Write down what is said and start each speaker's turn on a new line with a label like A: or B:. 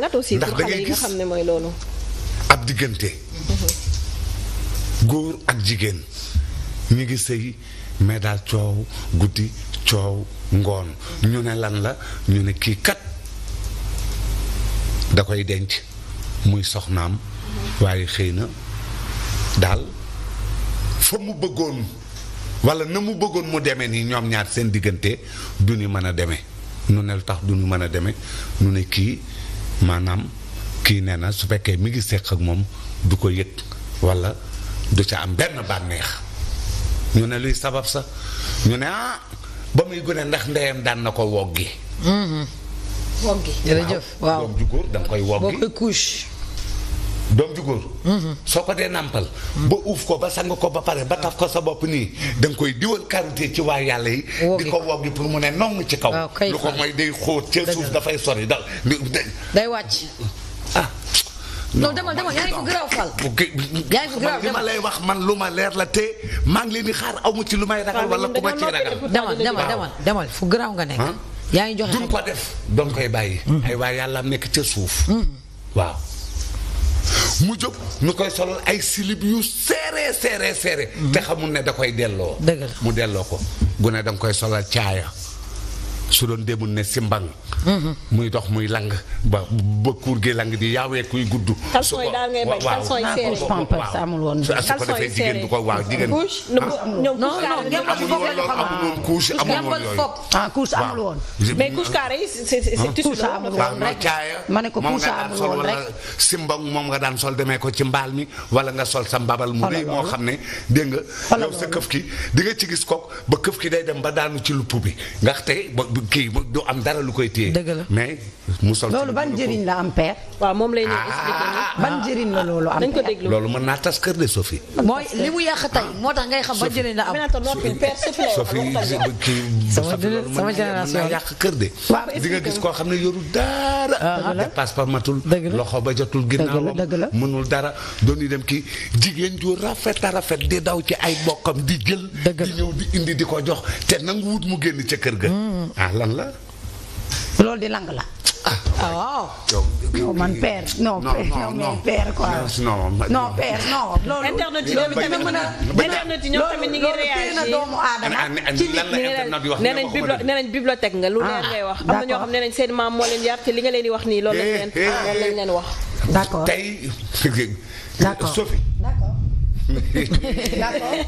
A: jàngat aussi pour xam ne mooy loolu ab diggante góor ak jigéen ñu ngi sëy mais daal coow guddi coow ngoon ñu ne lan la ñu ne kii kat da koy denc muy soxnaam waaye xëy na daal fa mu bëggoon wala na mu bëggoon mu demee nii ñoom ñaar seen diggante du ñu mën a deme nu ne lu tax du ñu mën a deme nu ne kii maanaam kii nee na su fekkee mi ngi seq ak moom du ko yëg wala du ca am benn bànneex ñu ne luy sabab sax ñu ne ah ba muy gone ndax ndeyam daan na ko woggi mhm. woggi jërëjëf waaw doom ju góor danga koy woggi boo koy couche doom ju góor soo ko dee nàmpal ba uuf ko ba sang ko ba pare ba taf ko sa bopp nii da koy diwal karité ci waa yàlla yi di ko woggi pour mu ne nong ci kaw lu ko mooy day xóot ca suuf dafay sori da day wàcc ah non demal demal yaa ngi fi garaaw fal. yaa ngi fi lay wax man lu ma leer la te maa ngi leen di xaar amu ci lu may ragal wala ku ma demal demal demal demal fu garaaw nga nekk. Ah. yaa ngi joxe duñ ko def doon koy bàyyi. Mm. ay waa yàlla nekk ca suuf. Mm. waaw. mu jóg ñu koy solal ay silib yu seere seere seere mhm. te xamul ne da koy delloo mu delloo ko gune danga koy solal caaya su doon démul ne si mbang muy dox muy lang ba ba kuur gi lang di yaawee kuy gudd. su ko waaw su ko defee jigéen du ko waaw jigéen. non non amul woon loolu amul woon couche amul woon yooyu. ah couche amul woon. mais couche carré c'est ah. amul woon rek ma ne ko couche amul woon rek simbang moom nga daan sol demee ko ci mbaal mi wala nga sol sa mbabal mu rëy moo xam ne dégg nga yow sa këf ki di nga ci gis kook ba këf ki day dem ba daanu ci lupp bi ndaxte ba kii du am dara lu koy téye liggéey. dëgg la mais mu sol. loolu ban njëriñ la am père. waaw moom lay ñuy ah, expliquer. Ah, ah, ban njëriñ la loolu am. nañ ko déglu loolu mën naa tas kër de Sophie. mooy li mu yàq tey moo tax ngay xam ban njëriñ la am. Sophie kii sama génération yàq kër de. di nga gis koo xam ne yorul dara. dépasse pas matul. loxo ba jotul ginnaaw mënul dara doon dem ki jigéen ju rafet a rafet di daw ci ay bokkam di jël. di ñëw di indi di ko jox te nangu wut mu génn ca kër ga. Mm. ah la. loolu di lang la. ah waaw. non oh, man père non non père quoi. non père non. loolu internet yi tamit mën a. internet yi ñoom tamit ñu ngi réagir doomu aadama. ci lan la wax nee nañ biblo nee nañ nga lu leer ah, ngay wax. am na ñoo xam ne nañ seen maam moo leen yar te li nga leen di wax nii loolu lañ leen loolu lañ leen wax. d'accord tey. d'accord Sophie.